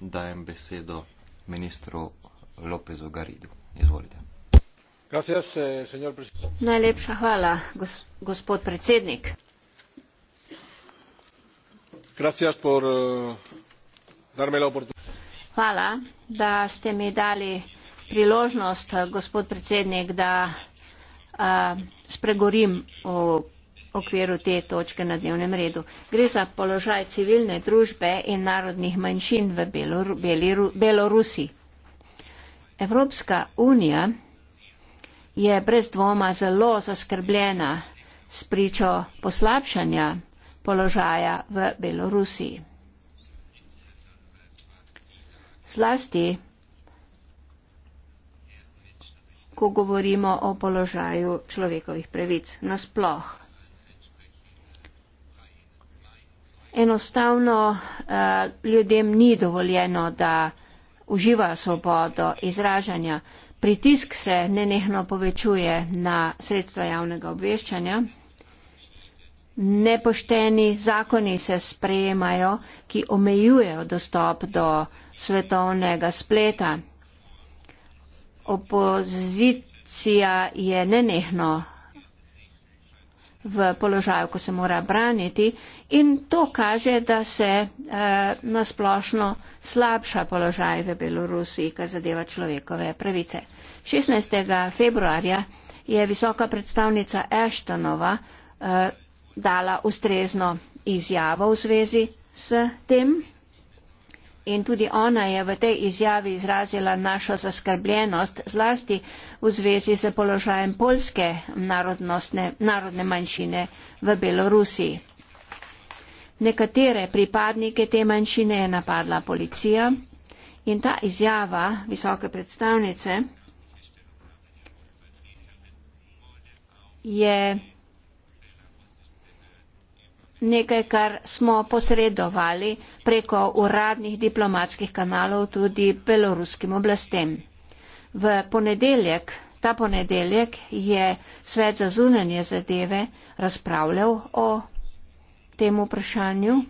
dajem besedo ministru Lopezu Garidu. Izvolite. Gracias, eh, señor presidente. Najlepša hvala, gos, gospod predsednik. Gracias por eh, darme la oportunidad. Hvala, da ste mi dali priložnost, gospod predsednik, da uh, eh, spregorim o okviru te točke na dnevnem redu. Gre za položaj civilne družbe in narodnih manjšin v Belor, Belir, Belorusi. Evropska unija je brez dvoma zelo zaskrbljena s pričo poslabšanja položaja v Belorusiji. Zlasti, ko govorimo o položaju človekovih pravic nasploh. enostavno eh, ljudem ni dovoljeno, da uživajo svobodo izražanja. Pritisk se nenehno povečuje na sredstva javnega obveščanja. Nepošteni zakoni se sprejemajo, ki omejujejo dostop do svetovnega spleta. Opozicija je nenehno v položaju, ko se mora braniti in to kaže, da se eh, nasplošno slabša položaj v Belorusiji, kar zadeva človekove pravice. 16. februarja je visoka predstavnica Eštonova eh, dala ustrezno izjavo v zvezi s tem in tudi ona je v tej izjavi izrazila našo zaskrbljenost zlasti v zvezi z položajem polske narodne manjšine v Belorusiji. Nekatere pripadnike te manjšine je napadla policija in ta izjava visoke predstavnice je nekaj, kar smo posredovali preko uradnih diplomatskih kanalov tudi beloruskim oblastem. V ponedeljek, ta ponedeljek je svet za zunanje zadeve razpravljal o tem vprašanju.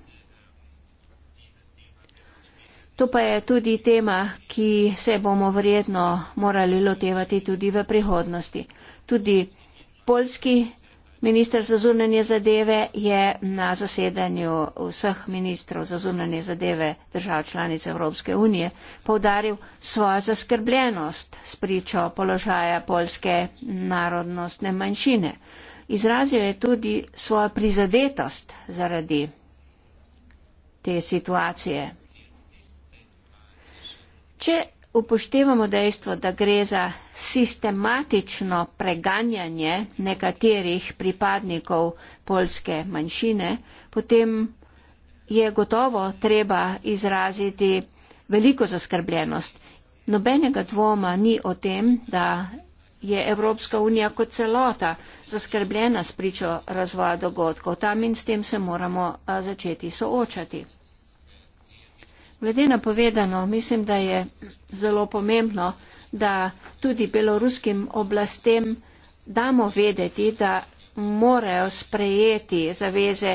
To pa je tudi tema, ki se bomo verjetno morali lotevati tudi v prihodnosti. Tudi polski Ministr za zunanje zadeve je na zasedanju vseh ministrov za zunanje zadeve držav članic Evropske unije povdaril svojo zaskrbljenost s pričo položaja polske narodnostne manjšine. Izrazil je tudi svojo prizadetost zaradi te situacije. Če upoštevamo dejstvo, da gre za sistematično preganjanje nekaterih pripadnikov polske manjšine, potem je gotovo treba izraziti veliko zaskrbljenost. Nobenega dvoma ni o tem, da je Evropska unija kot celota zaskrbljena s pričo razvoja dogodkov. Tam in s tem se moramo začeti soočati. Glede na povedano, mislim, da je zelo pomembno, da tudi beloruskim oblastem damo vedeti, da morajo sprejeti zaveze,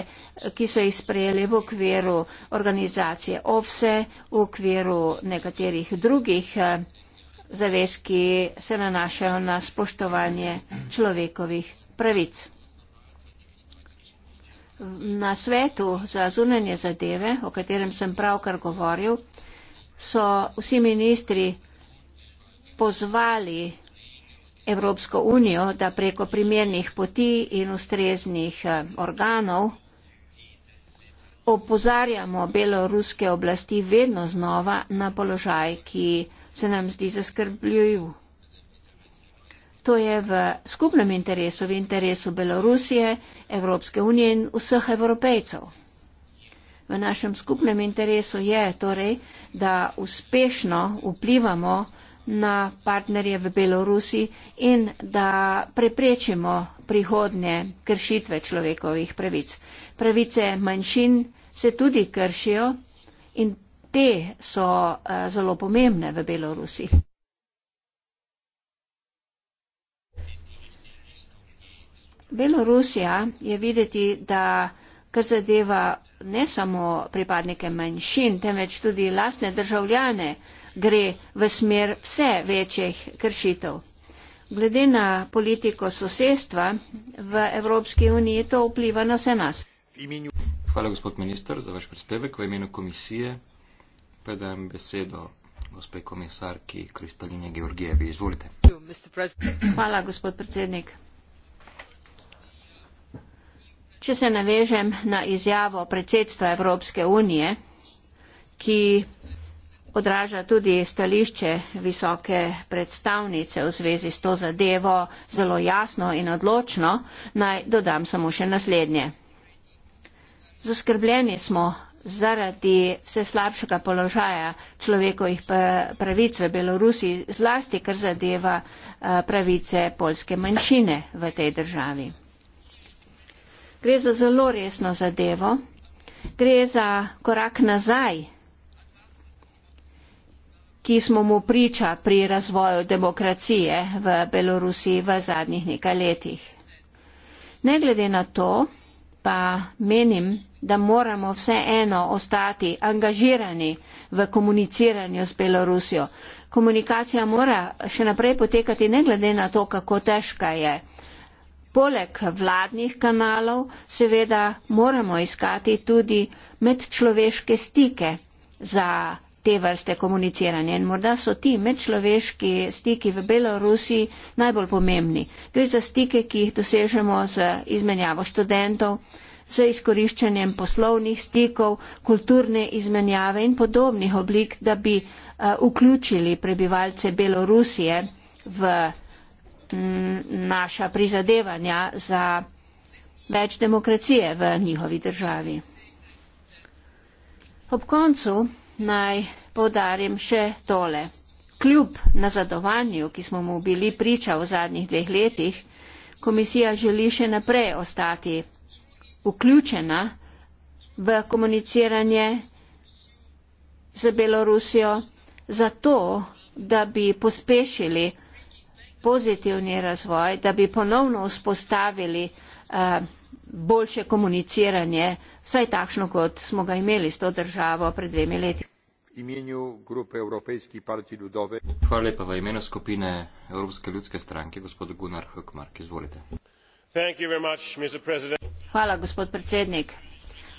ki so jih sprejeli v okviru organizacije OVSE, v okviru nekaterih drugih eh, zavez, ki se nanašajo na spoštovanje človekovih pravic na svetu za zunanje zadeve, o katerem sem pravkar govoril, so vsi ministri pozvali Evropsko unijo, da preko primernih poti in ustreznih eh, organov opozarjamo beloruske oblasti vedno znova na položaj, ki se nam zdi zaskrbljujiv. To je v skupnem interesu, v interesu Belorusije, Evropske unije in vseh evropejcev. V našem skupnem interesu je torej, da uspešno vplivamo na partnerje v Belorusi in da preprečimo prihodnje kršitve človekovih pravic. Pravice manjšin se tudi kršijo in te so eh, zelo pomembne v Belorusi. Belorusija je videti, da kar zadeva ne samo pripadnike manjšin, temveč tudi lastne državljane, gre v smer vse večjih kršitev. Glede na politiko sosedstva v Evropski uniji to vpliva na vse nas. Hvala, gospod minister, za vaš prispevek v imenu komisije. Predajam besedo gospe komisarki Kristalinje Georgijevi. Izvolite. Hvala, gospod predsednik. Če se navežem na izjavo predsedstva Evropske unije, ki odraža tudi stališče visoke predstavnice v zvezi s to zadevo zelo jasno in odločno, naj dodam samo še naslednje. Zaskrbljeni smo zaradi vse slabšega položaja človekovih pravic v Belorusiji, zlasti kar zadeva eh, pravice polske manjšine v tej državi. Gre za zelo resno zadevo, gre za korak nazaj, ki smo mu priča pri razvoju demokracije v Belorusiji v zadnjih nekaj letih. Ne glede na to, pa menim, da moramo vseeno ostati angažirani v komuniciranju s Belorusijo. Komunikacija mora še naprej potekati ne glede na to, kako težka je. Poleg vladnih kanalov seveda moramo iskati tudi medčloveške stike za te vrste komuniciranja in morda so ti medčloveški stiki v Belorusiji najbolj pomembni. Gre za stike, ki jih dosežemo z izmenjavo študentov, z izkoriščanjem poslovnih stikov, kulturne izmenjave in podobnih oblik, da bi uh, vključili prebivalce Belorusije v naša prizadevanja za več demokracije v njihovi državi. Ob koncu naj podarim še tole. Kljub nazadovanju, ki smo mu bili priča v zadnjih dveh letih, komisija želi še naprej ostati vključena v komuniciranje z Belorusijo, zato, da bi pospešili pozitivni razvoj, da bi ponovno vzpostavili uh, boljše komuniciranje, vsaj takšno, kot smo ga imeli s to državo pred dvemi leti. Hvala lepa v imenu skupine Evropske ljudske stranke, gospod Gunnar Hökmark. Izvolite. Hvala, gospod predsednik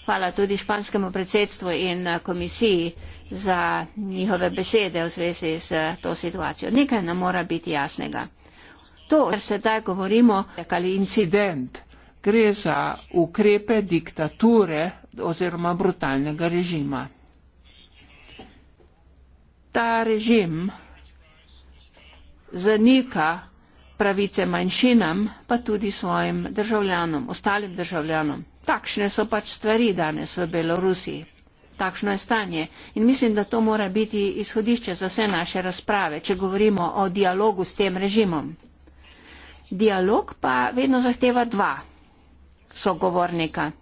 hvala tudi španskemu predsedstvu in eh, komisiji za njihove besede v zvezi s eh, to situacijo. Nekaj nam mora biti jasnega. To, kar sedaj govorimo, je kali incident. Gre za ukrepe diktature oziroma brutalnega režima. Ta režim zanika pravice manjšinam, pa tudi svojim državljanom, ostalim državljanom takšne so pač stvari danes v Belorusiji. Takšno je stanje. In mislim, da to mora biti izhodišče za vse naše razprave, če govorimo o dialogu s tem režimom. Dialog pa vedno zahteva dva sogovornika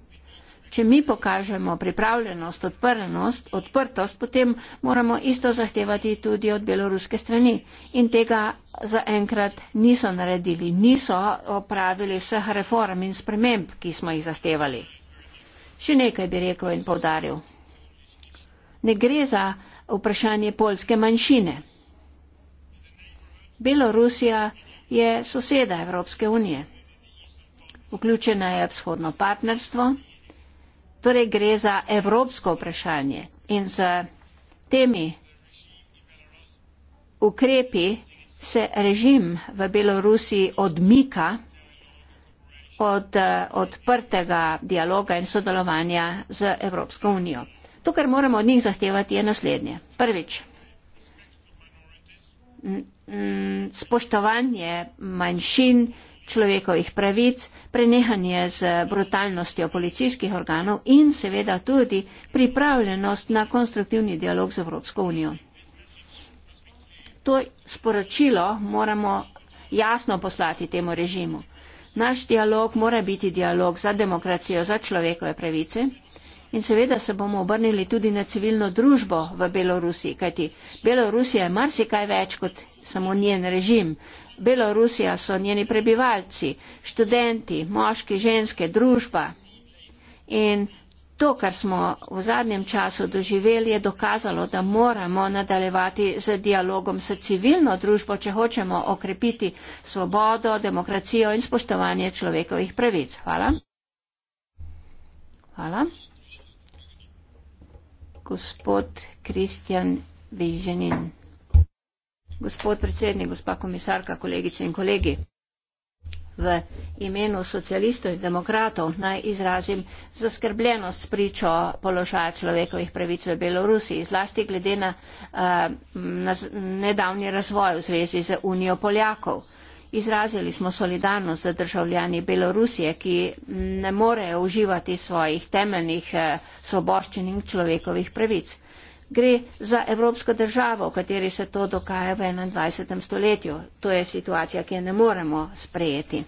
če mi pokažemo pripravljenost, odprnost, odprtost, potem moramo isto zahtevati tudi od beloruske strani. In tega zaenkrat niso naredili, niso opravili vseh reform in sprememb, ki smo jih zahtevali. Še nekaj bi rekel in povdaril. Ne gre za vprašanje polske manjšine. Belorusija je soseda Evropske unije. Vključena je vzhodno partnerstvo. Torej gre za evropsko vprašanje in z temi ukrepi se režim v Belorusiji odmika od eh, odprtega dialoga in sodelovanja z Evropsko unijo. To, kar moramo od njih zahtevati, je naslednje. Prvič, spoštovanje manjšin, človekovih pravic, prenehanje z brutalnostjo policijskih organov in seveda tudi pripravljenost na konstruktivni dialog z Evropsko unijo. To sporočilo moramo jasno poslati temu režimu. Naš dialog mora biti dialog za demokracijo, za človekove pravice. In seveda se bomo obrnili tudi na civilno družbo v Belorusiji, kajti Belorusija je marsikaj več kot samo njen režim. Belorusija so njeni prebivalci, študenti, moški, ženske, družba. In to, kar smo v zadnjem času doživeli, je dokazalo, da moramo nadaljevati z dialogom s civilno družbo, če hočemo okrepiti svobodo, demokracijo in spoštovanje človekovih pravic. Hvala. Hvala. Gospod Kristjan Viženin. Gospod predsednik, gospa komisarka, kolegice in kolegi, v imenu socialistov in demokratov naj izrazim zaskrbljenost pričo položaja človekovih pravic v Belorusiji, zlasti glede na, eh, na nedavni razvoj v zvezi z Unijo Poljakov. Izrazili smo solidarnost z državljani Belorusije, ki ne morejo uživati svojih temeljnih eh, svoboščin in človekovih pravic gre za evropsko državo, v kateri se to dogaja v 21. stoletju. To je situacija, ki je ne moremo sprejeti.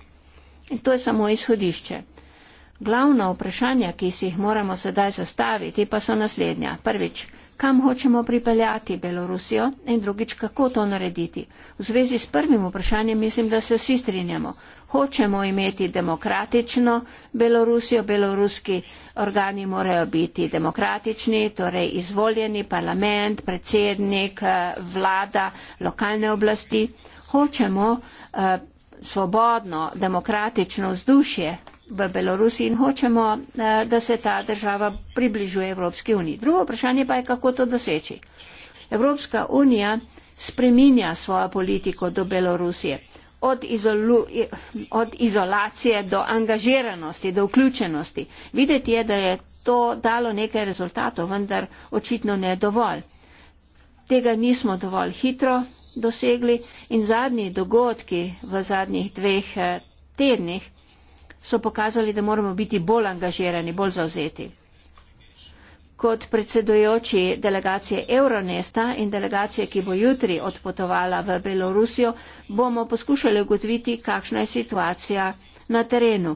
In to je samo izhodišče. Glavna vprašanja, ki si jih moramo sedaj zastaviti, pa so naslednja. Prvič, kam hočemo pripeljati Belorusijo in drugič, kako to narediti. V zvezi s prvim vprašanjem mislim, da se vsi strinjamo hočemo imeti demokratično Belorusijo, beloruski organi morajo biti demokratični, torej izvoljeni parlament, predsednik, eh, vlada, lokalne oblasti. Hočemo eh, svobodno, demokratično vzdušje v Belorusiji in hočemo, eh, da se ta država približuje Evropski uniji. Drugo vprašanje pa je, kako to doseči. Evropska unija spreminja svojo politiko do Belorusije od, izolu, od izolacije do angažiranosti, do vključenosti. Videti je, da je to dalo nekaj rezultatov, vendar očitno ne dovolj. Tega nismo dovolj hitro dosegli in zadnji dogodki v zadnjih dveh eh, tednih so pokazali, da moramo biti bolj angažirani, bolj zauzeti. Kot predsedujoči delegacije Euronesta in delegacije, ki bo jutri odpotovala v Belorusijo, bomo poskušali ugotoviti, kakšna je situacija na terenu.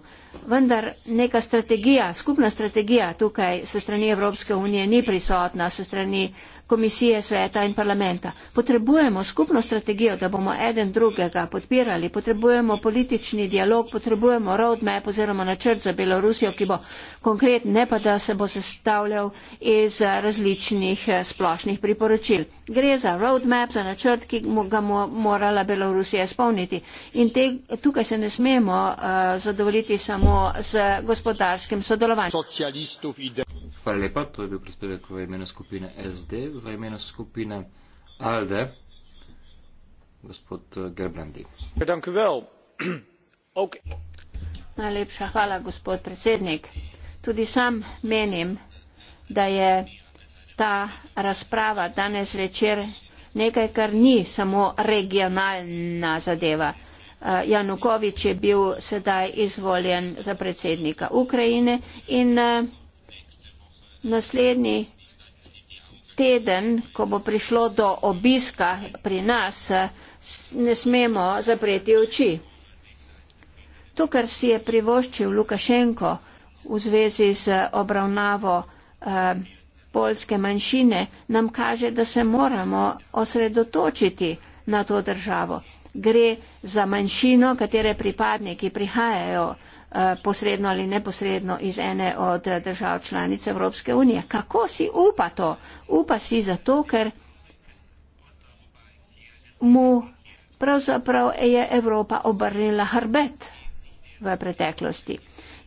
Vendar neka strategija, skupna strategija tukaj se strani Evropske unije ni prisotna, se strani komisije sveta in parlamenta. Potrebujemo skupno strategijo, da bomo eden drugega podpirali, potrebujemo politični dialog, potrebujemo roadmap oziroma načrt za Belorusijo, ki bo konkretno, ne pa da se bo sestavljal iz različnih eh, splošnih priporočil. Gre za roadmap, za načrt, ki ga mo morala Belorusija spolniti. In te, tukaj se ne smemo uh, zadovoljiti samo z gospodarskim sodelovanjem. Hvala lepa, to je bil prispevek v imenu skupine SD, v imenu skupine ALDE, gospod eh, Gerbrandi. Okay. Najlepša hvala, gospod predsednik. Tudi sam menim, da je ta razprava danes večer nekaj, kar ni samo regionalna zadeva. Eh, Janukovič je bil sedaj izvoljen za predsednika Ukrajine in eh, naslednji teden, ko bo prišlo do obiska pri nas, ne smemo zapreti oči. To, kar si je privoščil Lukašenko v zvezi z obravnavo eh, polske manjšine, nam kaže, da se moramo osredotočiti na to državo. Gre za manjšino, katere pripadniki prihajajo Eh, posredno ali neposredno iz ene od eh, držav članic Evropske unije. Kako si upa to? Upa si zato, ker mu pravzaprav je Evropa obrnila hrbet v preteklosti.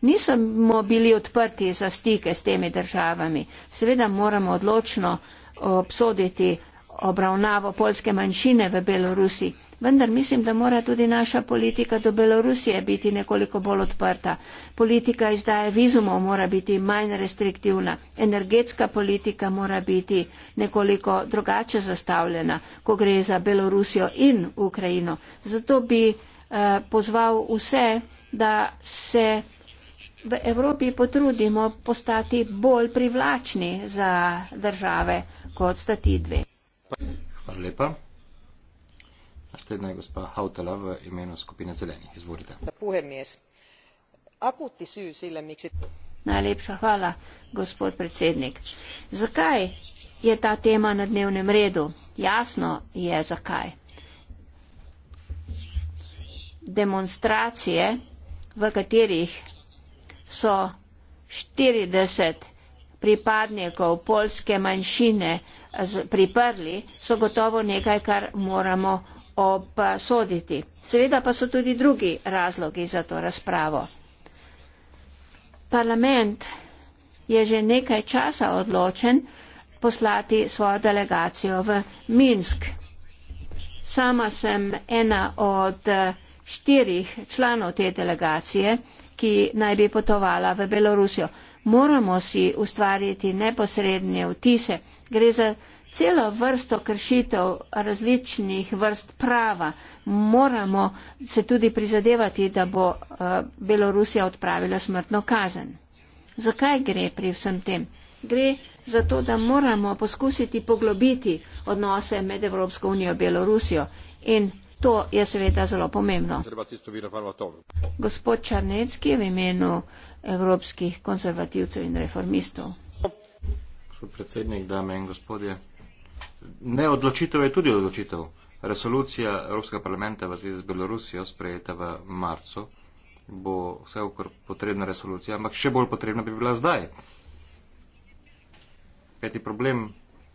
Nismo bili odprti za stike s temi državami. Seveda moramo odločno obsoditi obravnavo polske manjšine v Belorusi, vendar mislim, da mora tudi naša politika do Belorusije biti nekoliko bolj odprta. Politika izdaje vizumov mora biti manj restriktivna, energetska politika mora biti nekoliko drugače zastavljena, ko gre za Belorusijo in Ukrajino. Zato bi eh, pozval vse, da se v Evropi potrudimo postati bolj privlačni za države kot sta ti dve. Hvala lepa. Naslednja je gospa Hautala v imenu skupine zelenih. Izvolite. Najlepša hvala, gospod predsednik. Zakaj je ta tema na dnevnem redu? Jasno je, zakaj. Demonstracije, v katerih so 40 pripadnikov polske manjšine priprli, so gotovo nekaj, kar moramo obsoditi. Seveda pa so tudi drugi razlogi za to razpravo. Parlament je že nekaj časa odločen poslati svojo delegacijo v Minsk. Sama sem ena od eh, štirih članov te delegacije, ki naj bi potovala v Belorusijo. Moramo si ustvariti neposredne vtise. Gre za celo vrsto kršitev različnih vrst prava. Moramo se tudi prizadevati, da bo eh, Belorusija odpravila smrtno kazen. Zakaj gre pri vsem tem? Gre za to, da moramo poskusiti poglobiti odnose med Evropsko unijo in Belorusijo. In to je seveda zelo pomembno. Gospod Črnecki v imenu evropskih konzervativcev in reformistov. Gospod predsednik, dame in gospodje. Ne odločitev je tudi odločitev. Resolucija Evropskega parlamenta v zvezi z Belorusijo sprejeta v marcu bo vse okor potrebna resolucija, ampak še bolj potrebna bi bila zdaj. Kajti problem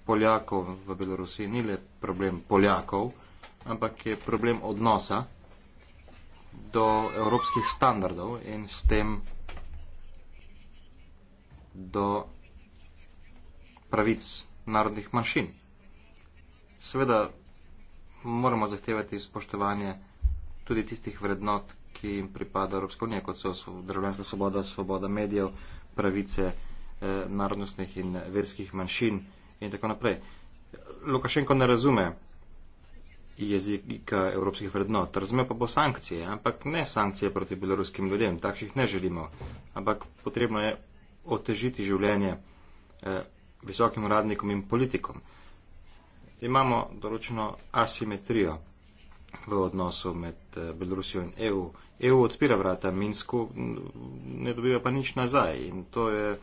Poljakov v Belorusiji ni le problem Poljakov, ampak je problem odnosa do evropskih standardov in s tem do pravic narodnih manjšin seveda moramo zahtevati spoštovanje tudi tistih vrednot, ki jim pripada Evropska unija, kot so državljanska svoboda, svoboda medijev, pravice eh, narodnostnih in verskih manjšin in tako naprej. Lukašenko ne razume jezika evropskih vrednot, razume pa bo sankcije, ampak ne sankcije proti beloruskim ljudem, takšnih ne želimo, ampak potrebno je otežiti življenje eh, visokim uradnikom in politikom imamo določeno asimetrijo v odnosu med eh, Belorusijo in EU. EU odpira vrata Minsku, ne dobiva pa nič nazaj in to je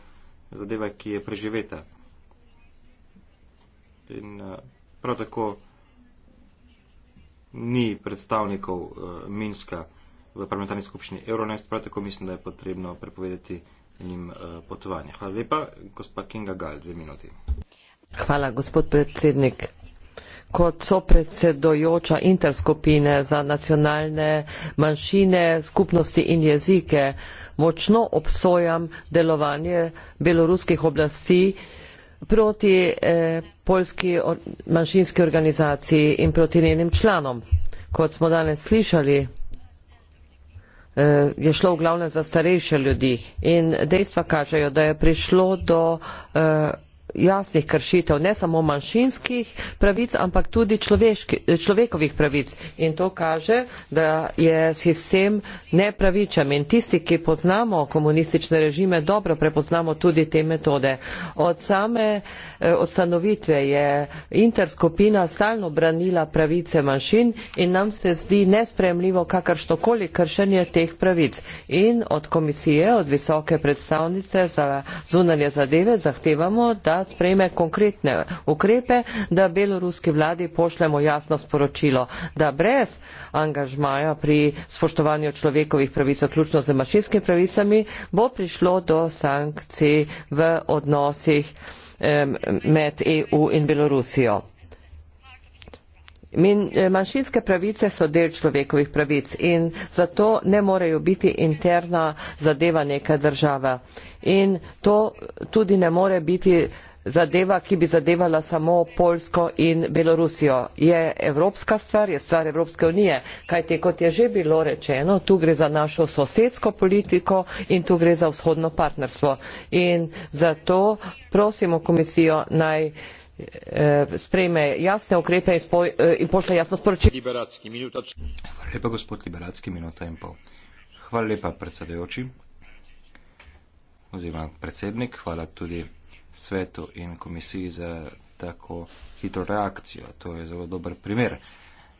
zadeva, ki je preživeta. In eh, prav tako ni predstavnikov eh, Minska v parlamentarni skupščini Euronest, prav tako mislim, da je potrebno prepovedati njim potovanje. Hvala lepa, gospa Kinga Gal, dve minuti. Hvala, gospod predsednik kot sopredsedojoča interskupine za nacionalne manjšine, skupnosti in jezike močno obsojam delovanje beloruskih oblasti proti eh, poljski or manjšinski organizaciji in proti njenim članom. Kot smo danes slišali, eh, je šlo v glavnem za starejše ljudi in dejstva kažejo, da je prišlo do eh, jasnih kršitev, ne samo manjšinskih pravic, ampak tudi človeški, človekovih pravic. In to kaže, da je sistem nepravičen. In tisti, ki poznamo komunistične režime, dobro prepoznamo tudi te metode. Od same eh, ustanovitve je interskupina stalno branila pravice manjšin in nam se zdi nespremljivo kakršnokoli kršenje teh pravic. In od komisije, od visoke predstavnice za zunanje zadeve zahtevamo, da sprejme konkretne ukrepe, da beloruski vladi pošljemo jasno sporočilo, da brez angažmaja pri spoštovanju človekovih pravic, vključno z mašinskimi pravicami, bo prišlo do sankcij v odnosih med EU in Belorusijo. Min, eh, manjšinske pravice so del človekovih pravic in zato ne morejo biti interna zadeva neka država. In to tudi ne more biti zadeva, ki bi zadevala samo Polsko in Belorusijo. Je evropska stvar, je stvar Evropske unije, kajte kot je že bilo rečeno, tu gre za našo sosedsko politiko in tu gre za vzhodno partnerstvo. In zato prosimo komisijo naj. Eh, sprejme jasne ukrepe in, spoj, eh, in pošle jasno sporočilo. Hvala lepa, gospod Liberacki, minuta in pol. Hvala lepa, predsedujoči oziroma predsednik, hvala tudi svetu in komisiji za tako hitro reakcijo. To je zelo dober primer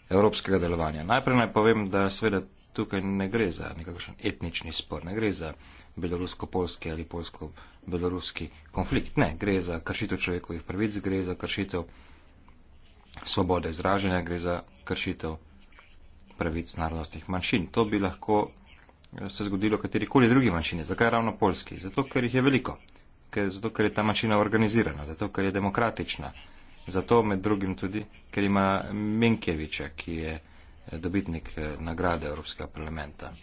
evropskega delovanja. Najprej naj povem, da seveda tukaj ne gre za nekakšen etnični spor, ne gre za belorusko-polski ali polsko-polski beloruski konflikt. Ne, gre za kršitev človekovih pravic, gre za kršitev svobode izražanja, gre za kršitev pravic narodnostnih manjšin. To bi lahko eh, se zgodilo katerikoli drugi manjšini. Zakaj ravno polski? Zato, ker jih je veliko. Ker, zato, ker je ta manjšina organizirana, zato, ker je demokratična. Zato med drugim tudi, ker ima Minkeviča, ki je eh, dobitnik eh, nagrade Evropskega parlamenta.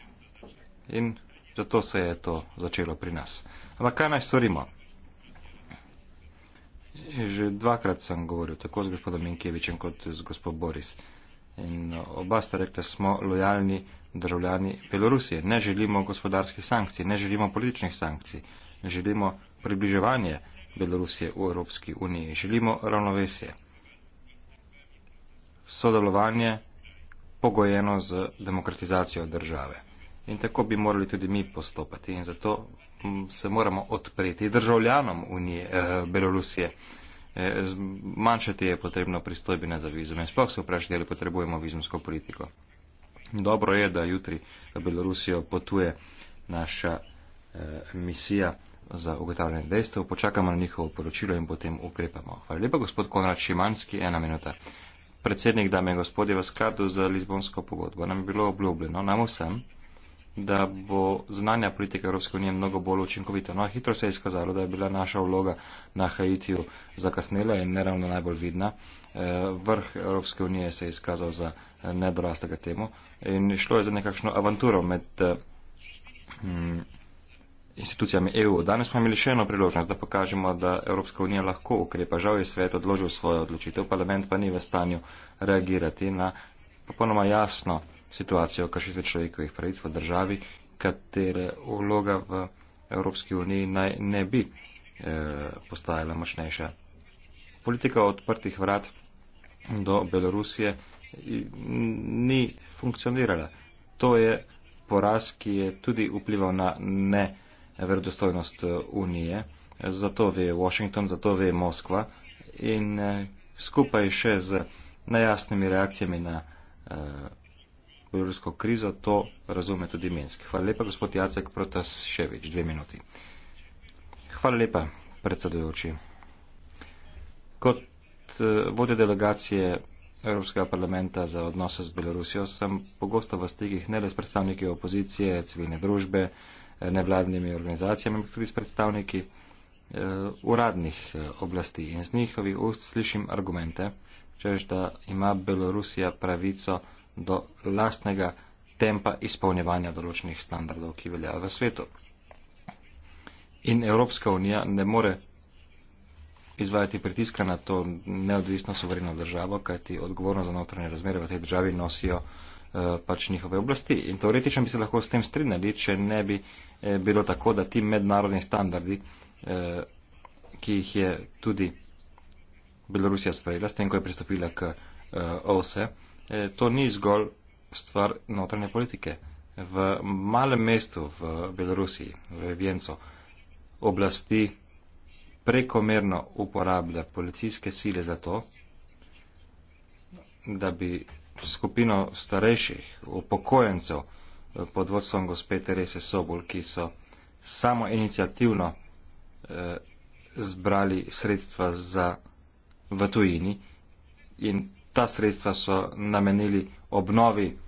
In Zato se je to začelo pri nas. Ampak kaj naj storimo? Že dvakrat sem govoril, tako z gospodom Minkevičem kot z gospod Boris. In oba sta rekla, smo lojalni državljani Belorusije. Ne želimo gospodarskih sankcij, ne želimo političnih sankcij. Želimo približevanje Belorusije v Evropski uniji. Želimo ravnovesje. Sodelovanje pogojeno z demokratizacijo države. In tako bi morali tudi mi postopati. In zato se moramo odpreti državljanom Unije, eh, Belorusije. Eh, Zmanjšati je potrebno pristojbine za vizume. Sploh se vprašati, ali potrebujemo vizumsko politiko. Dobro je, da jutri v Belorusijo potuje naša eh, misija za ugotavljanje dejstev. Počakamo na njihovo poročilo in potem ukrepamo. Hvala lepa, gospod Konrad Šimanski. Ena minuta. Predsednik, dame in gospodje, v skladu za Lizbonsko pogodbo. Nam je bilo obljubljeno, nam vsem da bo znanja politika Evropske unije mnogo bolj učinkovita. No, hitro se je izkazalo, da je bila naša vloga na Haitiju zakasnela in neravno najbolj vidna. E, vrh Evropske unije se je izkazal za nedorastega temu in šlo je za nekakšno avanturo med hm, institucijami EU. Danes smo imeli še eno priložnost, da pokažemo, da Evropska unija lahko ukrepa. Žal je svet odložil svojo odločitev, parlament pa ni v stanju reagirati na popolnoma jasno situacijo kršitve človekovih pravic v državi, katere vloga v Evropski uniji naj ne bi eh, postajala močnejša. Politika odprtih vrat do Belorusije eh, ni funkcionirala. To je poraz, ki je tudi vplival na neverodostojnost eh, Unije. Zato ve Washington, zato ve Moskva in skupaj še z najjasnimi reakcijami na evropsko krizo, to razume tudi Minsk. Hvala lepa, gospod Jacek Protaševič, dve minuti. Hvala lepa, predsedujoči. Kot eh, vodja delegacije Evropskega parlamenta za odnose z Belorusijo sem pogosto v stikih ne le s predstavniki opozicije, civilne družbe, eh, nevladnimi organizacijami, ampak tudi s predstavniki eh, uradnih oblasti in z njihovih ust slišim argumente, češ da ima Belorusija pravico do lastnega tempa izpolnjevanja določenih standardov, ki veljajo v svetu. In Evropska unija ne more izvajati pritiska na to neodvisno soverino državo, kajti odgovorno za notranje razmere v tej državi nosijo eh, pač njihove oblasti. In teoretično bi se lahko s tem strinjali, če ne bi eh, bilo tako, da ti mednarodni standardi, eh, ki jih je tudi Belorusija sprejela, s tem, ko je pristopila k OSE, Eh, to ni zgolj stvar notranje politike. V malem mestu v Belorusiji, v Vjenco, oblasti prekomerno uporablja policijske sile za to, da bi skupino starejših upokojencev eh, pod vodstvom gospe Terese Sobol, ki so samo inicijativno eh, zbrali sredstva za v tujini in ta sredstva so namenili obnovi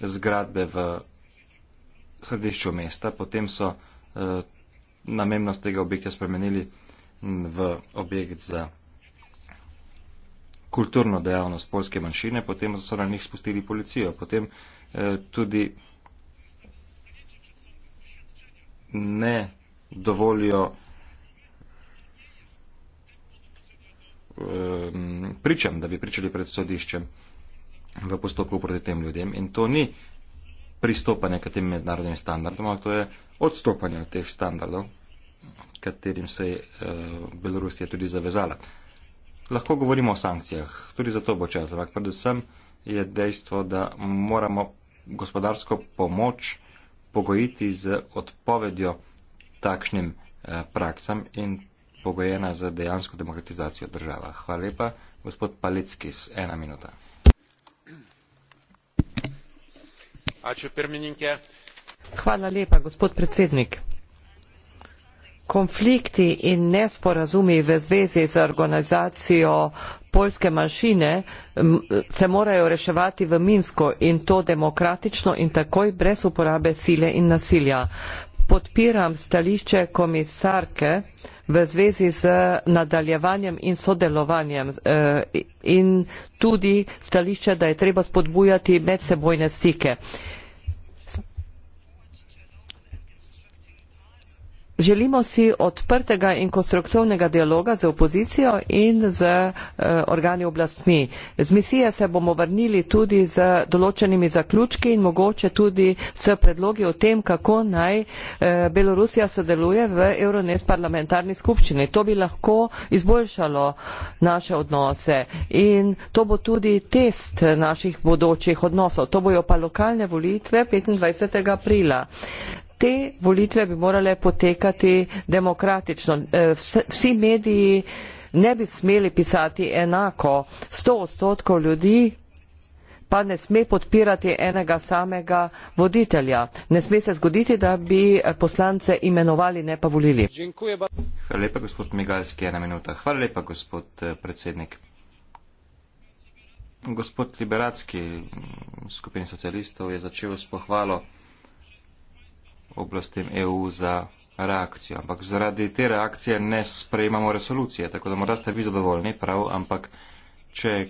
zgradbe v središču mesta, potem so eh, namennost tega objekta spremenili v objekt za kulturno dejavnost polske manjšine, potem so na njih spustili policijo, potem eh, tudi ne dovolijo Ehm, pričam, da bi pričali pred sodiščem v postopku proti tem ljudem. In to ni pristopanje k tem mednarodnim standardom, ampak to je odstopanje od teh standardov, katerim se je eh, Belorusija tudi zavezala. Lahko govorimo o sankcijah, tudi za to bo čas, ampak predvsem je dejstvo, da moramo gospodarsko pomoč pogojiti z odpovedjo takšnim eh, praksam in pogojena z dejansko demokratizacijo država. Hvala lepa. Gospod Palecki, ena minuta. Hvala lepa, gospod predsednik. Konflikti in nesporazumi v zvezi z organizacijo polske manjšine se morajo reševati v Minsko in to demokratično in takoj brez uporabe sile in nasilja. Podpiram stališče komisarke, v zvezi z nadaljevanjem in sodelovanjem eh, in tudi stališče da je treba spodbujati medsebojne stike. Želimo si odprtega in konstruktivnega dialoga z opozicijo in z eh, organi oblastmi. Z misije se bomo vrnili tudi z določenimi zaključki in mogoče tudi s predlogi o tem, kako naj eh, Belorusija sodeluje v Euronews parlamentarni skupščini. To bi lahko izboljšalo naše odnose in to bo tudi test naših bodočih odnosov. To bojo pa lokalne volitve 25. aprila te volitve bi morale potekati demokratično. E, vsi mediji ne bi smeli pisati enako. 100 odstotkov ljudi pa ne sme podpirati enega samega voditelja. Ne sme se zgoditi, da bi poslance imenovali, ne pa volili. Hvala lepa, gospod Migalski, ena minuta. Hvala lepa, gospod eh, predsednik. Gospod Liberacki, skupin socialistov, je začel s pohvalo oblastem EU za reakcijo. Ampak zaradi te reakcije ne sprejemamo resolucije, tako da morda ste vi zadovoljni, prav, ampak če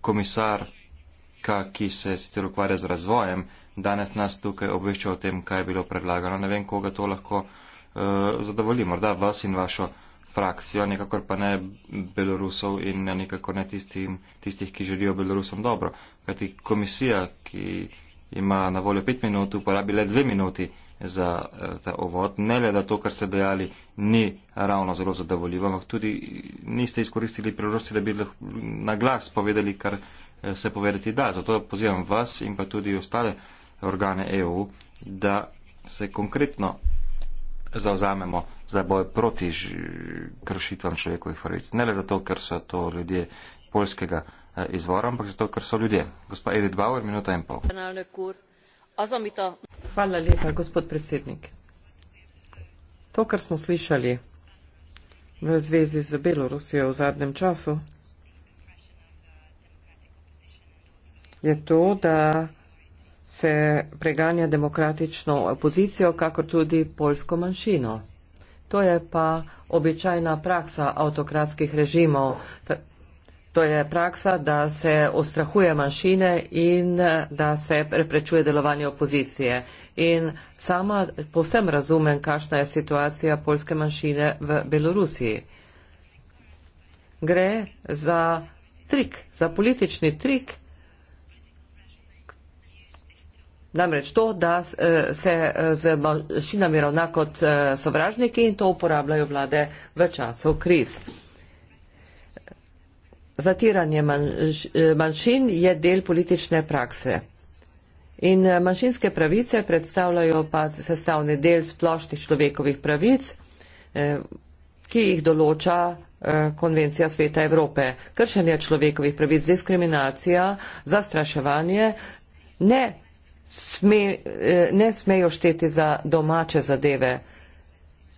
komisarka, ki se sicer ukvarja z razvojem, danes nas tukaj obvešča o tem, kaj je bilo predlagano, ne vem, koga to lahko uh, zadovoli, morda vas in vašo frakcijo, nekako pa ne Belorusov in nekako ne tistim, tistih, ki želijo Belorusom dobro. Kajti komisija, ki ima na voljo pet minut, uporabi le dve minuti za eh, ta ovod. Ne le, da to, kar ste dejali, ni ravno zelo zadovoljivo, ampak tudi niste izkoristili priložnosti, da bi na glas povedali, kar eh, se povedati da. Zato pozivam vas in pa tudi ostale organe EU, da se konkretno zauzamemo za boj proti kršitvam človekovih pravic. Ne le zato, ker so to ljudje polskega. Eh, izvora, ampak zato, ker so ljudje. Gospa Edith Bauer, minuta in pol. Hvala lepa, gospod predsednik. To, kar smo slišali v zvezi z Belorusijo v zadnjem času, je to, da se preganja demokratično opozicijo, kakor tudi polsko manjšino. To je pa običajna praksa avtokratskih režimov, To je praksa, da se ustrahuje manjšine in eh, da se preprečuje delovanje opozicije. In sama povsem razumem, kakšna je situacija polske manjšine v Belorusiji. Gre za trik, za politični trik. Namreč to, da eh, se eh, z manjšinami ravna kot sovražniki in to uporabljajo vlade v času kriz zatiranje manjš, eh, manjšin je del politične prakse. In eh, manjšinske pravice predstavljajo pa sestavni del splošnih človekovih pravic, eh, ki jih določa konvencija Sveta Evrope. Kršenje človekovih pravic, diskriminacija, zastraševanje ne, sme, ne smejo šteti za domače zadeve.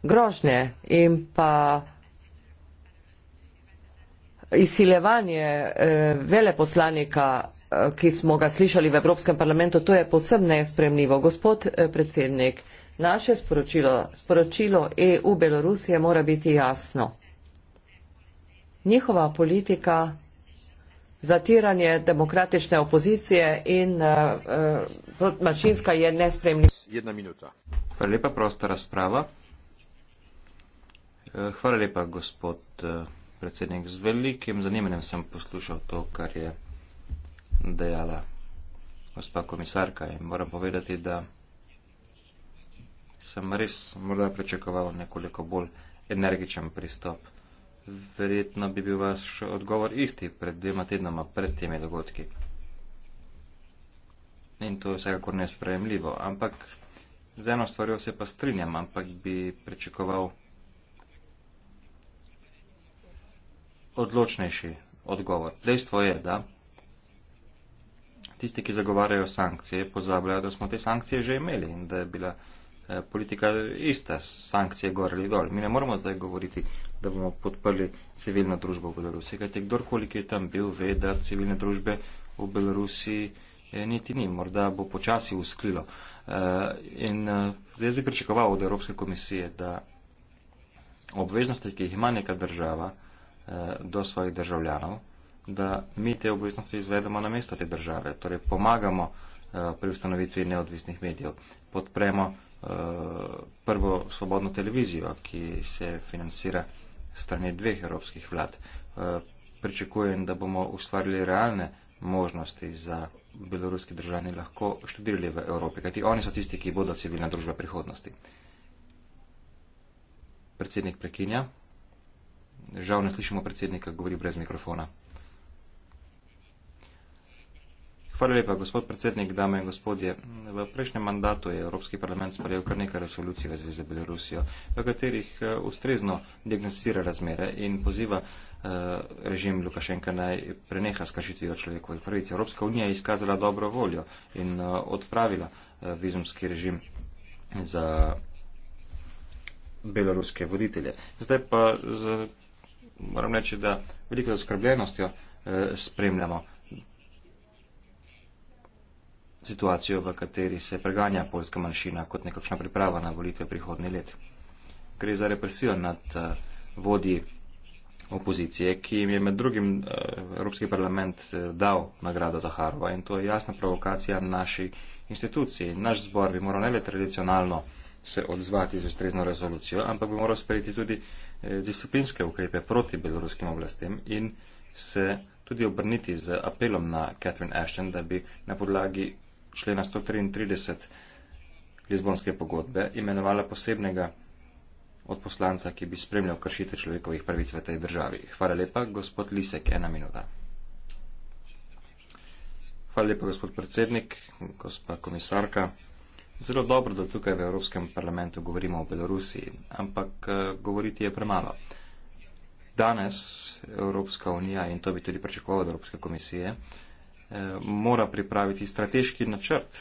Grožnje in pa izsilevanje eh, veleposlanika, eh, ki smo ga slišali v Evropskem parlamentu, to je posem nespremljivo. Gospod eh, predsednik, naše sporočilo, sporočilo EU Belorusije mora biti jasno. Njihova politika zatiranje demokratične opozicije in uh, mašinska je nespremljiva. Jedna minuta. Hvala lepa, prosta razprava. Hvala lepa, gospod. Uh, predsednik. Z velikim zanimanjem sem poslušal to, kar je dejala gospa komisarka in moram povedati, da sem res morda pričakoval nekoliko bolj energičen pristop. Verjetno bi bil vaš odgovor isti pred dvema tednoma, pred temi dogodki. In to je vsekakor nesprejemljivo, ampak z eno stvarjo se pa strinjam, ampak bi pričakoval. odločnejši odgovor. Dejstvo je, da tisti, ki zagovarjajo sankcije, pozabljajo, da smo te sankcije že imeli in da je bila eh, politika ista, sankcije gor ali dol. Mi ne moramo zdaj govoriti, da bomo podprli civilno družbo v Belorusiji, kajti kdorkoli, ki je tam bil, ve, da civilne družbe v Belorusiji eh, niti ni, morda bo počasi usklilo. Eh, in jaz bi pričakoval od Evropske komisije, da obveznosti, ki jih ima neka država, Eh, do svojih državljanov, da mi te obveznosti izvedemo na mesto te države, torej pomagamo eh, pri ustanovitvi neodvisnih medijev, podpremo eh, prvo svobodno televizijo, ki se financira strani dveh evropskih vlad. Pričakujem, da bomo ustvarili realne možnosti za beloruski državni lahko študirali v Evropi, kajti oni so tisti, ki bodo civilna družba prihodnosti. Predsednik prekinja. Žal ne slišimo predsednika, govori brez mikrofona. Hvala lepa, gospod predsednik, dame in gospodje. V prejšnjem mandatu je Evropski parlament sprejel kar nekaj resolucij v zvezi z Belorusijo, v katerih eh, ustrezno diagnostira razmere in poziva eh, režim Lukašenka naj preneha s kršitvijo človekovih pravic. Evropska unija je izkazala dobro voljo in eh, odpravila vizumski režim za beloruske voditelje. Zdaj pa z moram reći da veliko zaskrbljenosti e, eh, spremljamo situacijo, v kateri se preganja poljska manjšina kot nekakšna priprava na volitve prihodni let. Gre za represijo nad e, vodji opozicije, ki jim je med drugim e, Evropski parlament dal nagrado za Harova in to je jasna provokacija naši instituciji. Naš zbor bi moral ne le tradicionalno se odzvati z ustrezno rezolucijo, ampak bi moral sprejeti tudi Eh, disciplinske ukrepe proti beloruskim oblastem in se tudi obrniti z apelom na Catherine Ashton, da bi na podlagi člena 133 Lizbonske pogodbe imenovala posebnega od poslanca, ki bi spremljal kršite človekovih pravic v tej državi. Hvala lepa, gospod Lisek, ena minuta. Hvala lepa, gospod predsednik, gospa komisarka. Zelo dobro, da tukaj v Evropskem parlamentu govorimo o Belorusiji, ampak eh, govoriti je premalo. Danes Evropska unija in to bi tudi pričakovalo od Evropske komisije, eh, mora pripraviti strateški načrt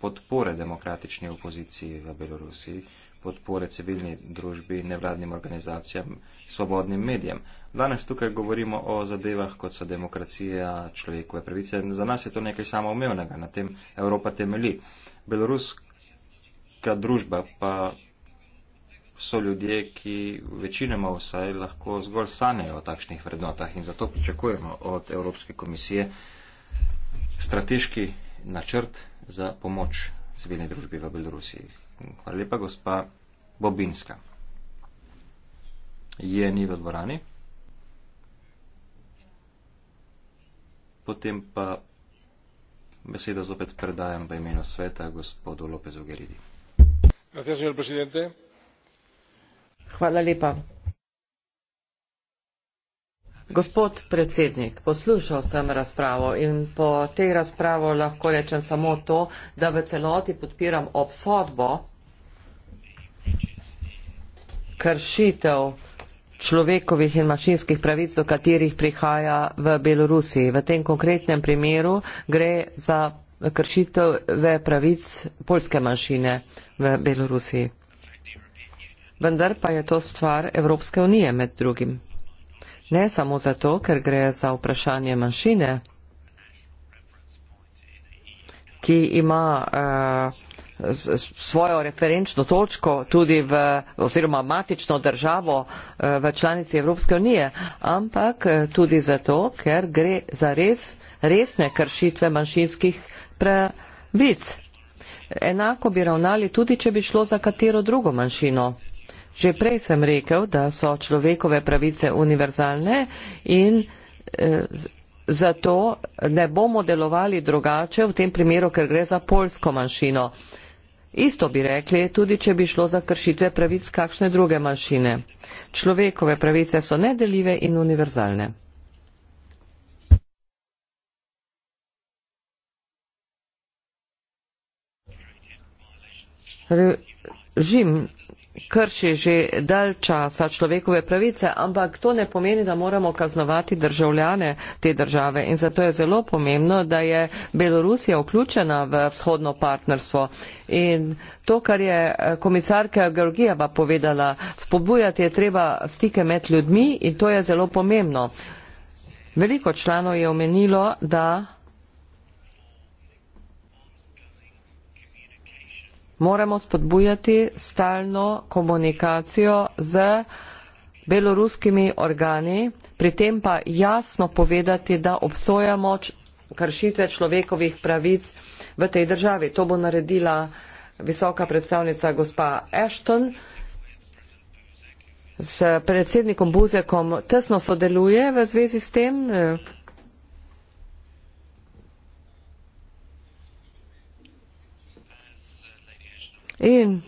podpore demokratični opoziciji v Belorusiji, podpore civilni družbi, nevladnim organizacijam, svobodnim medijem. Danes tukaj govorimo o zadevah, kot so demokracija, človekove pravice. Za nas je to nekaj samoumevnega, na tem Evropa temeli. Beloruska družba pa so ljudje, ki večinoma vsaj lahko zgolj sanjajo o takšnih vrednotah in zato pričakujemo od Evropske komisije strateški načrt za pomoč civilni družbi v Belorusiji. Hvala lepa, gospa Bobinska. Je ni v dvorani. Potem pa besedo zopet predajam v imenu sveta gospodu Lopezu Geridi. Hvala lepa, Gospod predsednik, poslušal sem razpravo in po tej razpravo lahko rečem samo to, da v celoti podpiram obsodbo kršitev človekovih in mašinskih pravic, do katerih prihaja v Belorusiji. V tem konkretnem primeru gre za kršitev pravic polske manjšine v Belorusiji. Vendar pa je to stvar Evropske unije med drugim ne samo zato, ker gre za vprašanje manjšine, ki ima uh, svojo referenčno točko tudi v oziroma matično državo uh, v članici Evropske unije, ampak uh, tudi zato, ker gre za res, resne kršitve manjšinskih pravic. Enako bi ravnali tudi, če bi šlo za katero drugo manjšino. Že prej sem rekel, da so človekove pravice univerzalne in e, zato ne bomo delovali drugače v tem primeru, ker gre za polsko manjšino. Isto bi rekli, tudi če bi šlo za kršitve pravic kakšne druge manjšine. Človekove pravice so nedeljive in univerzalne. Režim krši že dal časa človekove pravice, ampak to ne pomeni, da moramo kaznovati državljane te države. In zato je zelo pomembno, da je Belorusija vključena v vzhodno partnerstvo. In to, kar je eh, komisarka Georgijeva povedala, spodbujati je treba stike med ljudmi in to je zelo pomembno. Veliko članov je omenilo, da moramo spodbujati stalno komunikacijo z beloruskimi organi, pri tem pa jasno povedati, da obsojamo kršitve človekovih pravic v tej državi. To bo naredila visoka predstavnica gospa Ashton. S predsednikom Buzekom tesno sodeluje v zvezi s tem. In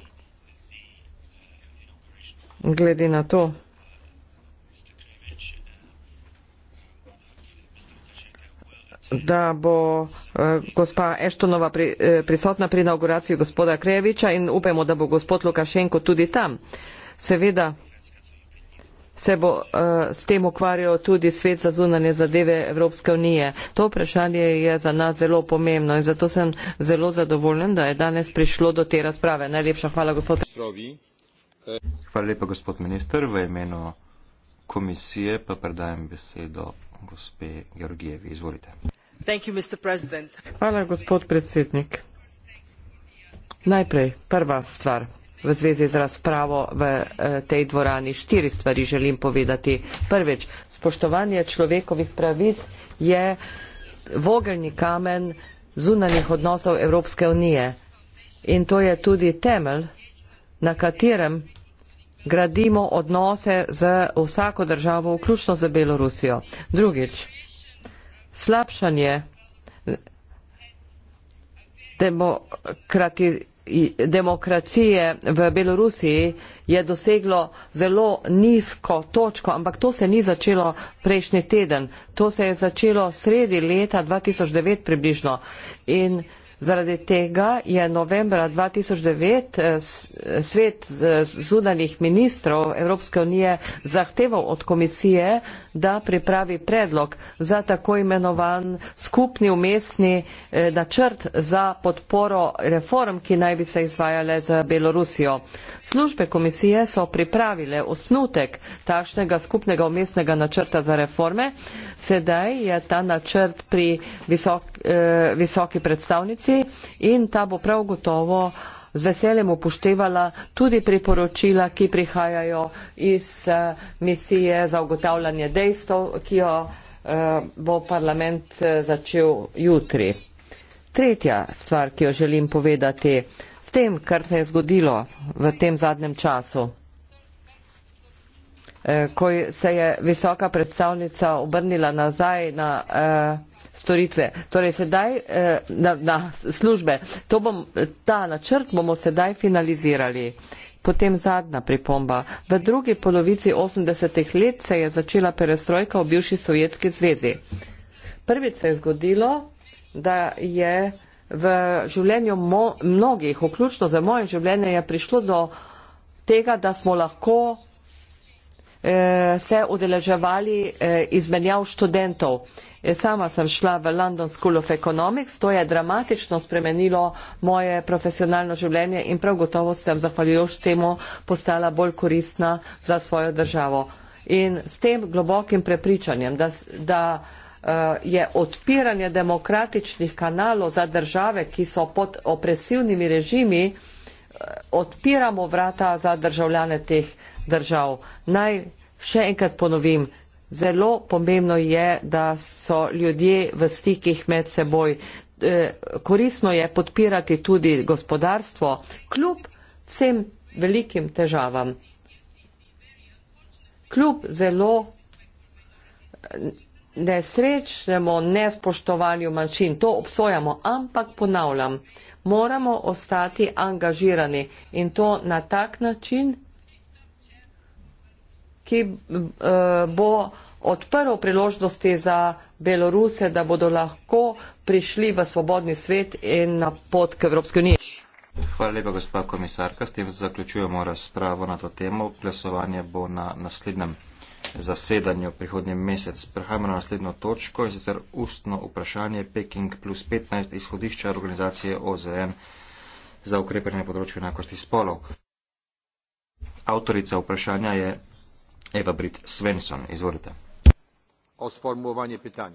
glede na to, da bo eh, gospa Eštonova pri, eh, prisotna pri inauguraciji gospoda Krejeviča in upajmo, da bo gospod Lukašenko tudi tam. Seveda se bo uh, s tem ukvarjal tudi svet za zunanje zadeve Evropske unije. To vprašanje je za nas zelo pomembno in zato sem zelo zadovoljen, da je danes prišlo do te razprave. Najlepša hvala, gospod. Hvala lepa, gospod minister. V imenu komisije pa predajem besedo gospe Georgijevi. Izvolite. You, hvala, gospod predsednik. Najprej, prva stvar v zvezi z razpravo v eh, tej dvorani štiri stvari želim povedati. Prvič, spoštovanje človekovih pravic je vogelni kamen zunanjih odnosov Evropske unije in to je tudi temelj, na katerem gradimo odnose z vsako državo, vključno z Belorusijo. Drugič, slabšanje demokratizacije demokracije v Belorusiji je doseglo zelo nizko točko, ampak to se ni začelo prejšnji teden. To se je začelo sredi leta 2009 približno. In Zaradi tega je novembra 2009 eh, svet zunanih ministrov Evropske unije zahteval od komisije, da pripravi predlog za tako imenovan skupni umestni eh, načrt za podporo reform, ki naj bi se izvajale za Belorusijo. Službe komisije so pripravile osnutek takšnega skupnega umestnega načrta za reforme. Sedaj je ta načrt pri visok, eh, visoki predstavnici in ta bo prav gotovo z veseljem upoštevala tudi priporočila, ki prihajajo iz eh, misije za ugotavljanje dejstev, ki jo eh, bo parlament eh, začel jutri. Tretja stvar, ki jo želim povedati, s tem, kar se je zgodilo v tem zadnjem času, eh, ko se je visoka predstavnica obrnila nazaj na uh, storitve, torej sedaj uh, na, na službe. Bom, ta načrt bomo sedaj finalizirali. Potem zadnja pripomba. V drugi polovici 80-ih let se je začela perestrojka v bivši Sovjetski zvezi. Prvič se je zgodilo, da je uh, v življenju mo, mnogih, vključno za moje življenje, je prišlo do tega, da smo lahko eh, se udeleževali eh, izmenjav študentov. Eh, sama sem šla v London School of Economics, to je dramatično spremenilo moje profesionalno življenje in prav gotovo sem zahvaljujoč temu postala bolj koristna za svojo državo. In s tem globokim prepričanjem, da, da Eh, je odpiranje demokratičnih kanalov za države, ki so pod opresivnimi režimi, eh, odpiramo vrata za državljane teh držav. Naj še enkrat ponovim, zelo pomembno je, da so ljudje v stikih med seboj. Eh, Korisno je podpirati tudi gospodarstvo, kljub vsem velikim težavam. Kljub zelo nesrečnemu nespoštovanju manjšin, to obsojamo, ampak ponavljam, moramo ostati angažirani in to na tak način, ki eh, bo odprl priložnosti za Beloruse, da bodo lahko prišli v svobodni svet in na pot k Evropski uniji. Hvala lepa, gospa komisarka. S tem zaključujemo razpravo na to temo. Glasovanje bo na naslednjem zasedanju prihodnjem mesec. Prehajamo na naslednjo točko in sicer ustno vprašanje Peking plus 15 izhodišča organizacije OZN za ukrepanje na področju enakosti spolov. Autorica vprašanja je Eva Brit Svensson. Izvolite. O sformulovanje pitanja.